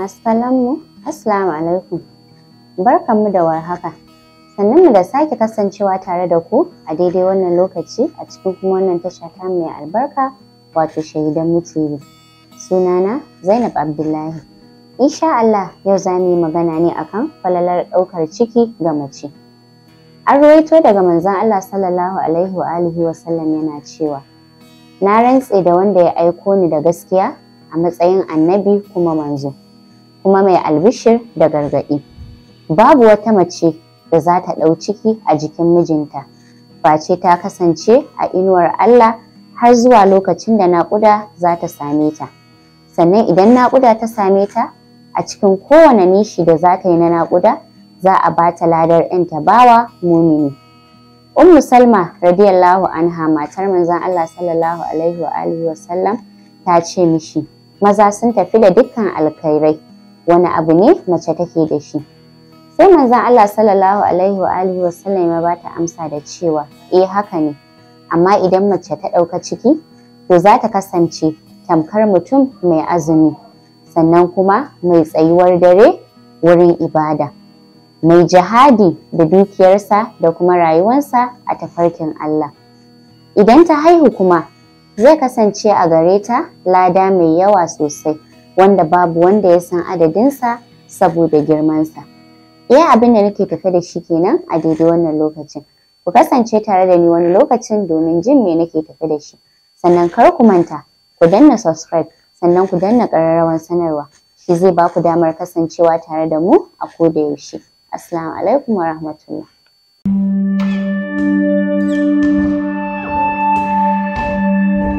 Masu mu Assalamu alaikum. Barkanmu da warhaka. mu da sake kasancewa tare da ku a daidai wannan lokaci a cikin kuma wannan tasha ta mai albarka wato Shahidanmu Suna Sunana Zainab Abdullahi. Insha Allah yau za mu yi magana ne akan falalar ɗaukar ciki ga mace. An ruwaito daga manzon Allah sallallahu alaihi wa alihi wa sallam yana cewa na rantse da wanda ya aiko ni da gaskiya a matsayin annabi kuma manzo. kuma mai albishir da gargaɗi. Babu wata mace da za ta ɗau ciki a jikin mijinta, face ta kasance a inuwar Allah har zuwa lokacin da naƙuda za ta same ta. Sannan idan naƙuda ta same ta, a cikin kowane nishi da za ta yi na naƙuda, za a ba ta ladar 'yan bawa mumini. Ummu Salma radiyallahu anha matar manzon Allah sallallahu alaihi wa sallam ta ce mishi maza sun tafi da dukkan alkhairai wani abu ne mace take da shi sai manzon Allah sallallahu alaihi wa alihi wasallam ya bata amsa da cewa eh haka ne amma idan mace ta ɗauka ciki to za ta kasance tamkar mutum mai azumi sannan kuma mai tsayuwar dare wurin ibada mai jihadi da dukiyarsa da kuma rayuwarsa a tafarkin Allah idan ta haihu kuma zai kasance a gare ta lada mai yawa sosai wanda babu wanda ya san adadinsa saboda girmansa. Iya abin da nake tafe da shi kenan a daidai wannan lokacin. Ku kasance tare da ni wani lokacin domin jin me nake tafe da shi. Sannan kar ku manta, ku danna subscribe, sannan ku danna ƙararrawar sanarwa. Shi zai ba ku damar kasancewa tare da mu a koda yaushe. Assalamu alaikum wa rahmatullah.